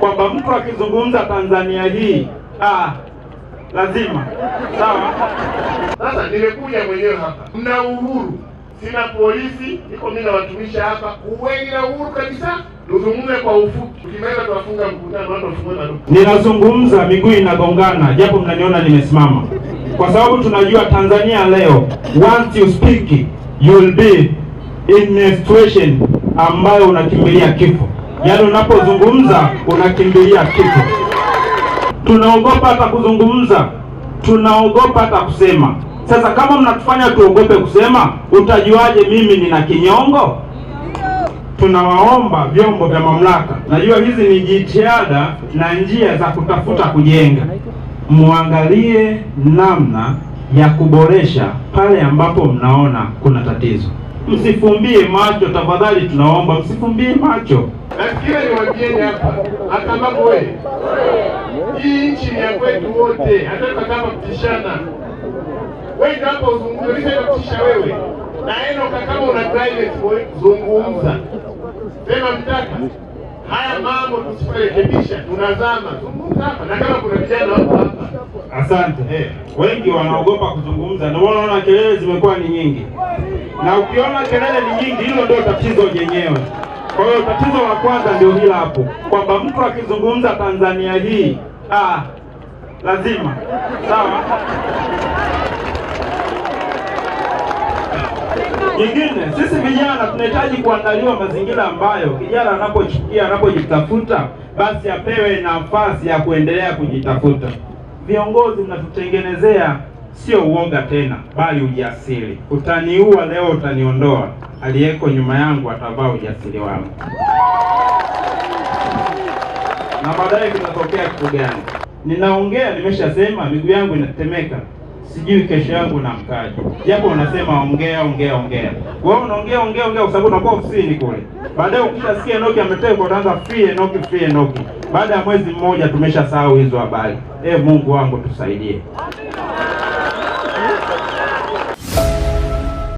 kwamba mtu akizungumza Tanzania hii ah, lazima sawa. Sasa nimekuja mwenyewe hapa, mna uhuru, sina polisi, niko mimi nawatumisha hapa, uweni na uhuru kabisa, tuzungumze kwa ufupi, ukimaliza tuwafunga mkutano, watu wafungue maduka. Ninazungumza miguu inagongana, japo mnaniona nimesimama, kwa sababu tunajua Tanzania leo, once you speak you will be in a situation ambayo unakimbilia kifo yale yaani unapozungumza unakimbilia kitu. Tunaogopa hata kuzungumza, tunaogopa hata kusema. Sasa kama mnatufanya tuogope kusema, utajuaje mimi nina kinyongo? Tunawaomba vyombo vya mamlaka, najua hizi ni jitihada na njia za kutafuta kujenga, muangalie namna ya kuboresha pale ambapo mnaona kuna tatizo. Msifumbie macho tafadhali, tunaomba msifumbie macho ni niwaambieni hapa Makambako, we hii nchi ni ya kwetu wote, hata kama kutishana wewe ndio hapo uzungumze na kutisha wewe na eno kama una private zungumza, sema mtaka haya mambo tusiporekebisha tunazama. Zungumza hapa na kama kuna vijana hapa. Asante eh. Wengi wanaogopa kuzungumza, ndio wanaona kelele zimekuwa ni nyingi, na ukiona kelele ni nyingi, hilo ndio tatizo jenyewe kwa hiyo tatizo la kwanza ndio hili hapo, kwamba mtu akizungumza Tanzania hii ah, lazima sawa. Nyingine, sisi vijana tunahitaji kuandaliwa mazingira ambayo kijana anapochukia, anapojitafuta basi apewe nafasi ya kuendelea kujitafuta. Viongozi mnatutengenezea sio uoga tena, bali ujasiri. Utaniua leo, utaniondoa, aliyeko nyuma yangu atavaa ujasiri wangu. Na baadaye kitatokea kitu gani? Ninaongea, nimeshasema, miguu yangu inatetemeka, sijui kesho yangu na mkaji, japo unasema ongea ongea ongea, hiyo unaongea ongea ongea, kwa sababu unakuwa ofisini kule. Baadaye ukishasikia Enoki ametekwa, utaanza free Enoki, free Enoki. Baada ya mwezi mmoja tumeshasahau hizo habari. E Mungu wangu tusaidie. Thank you.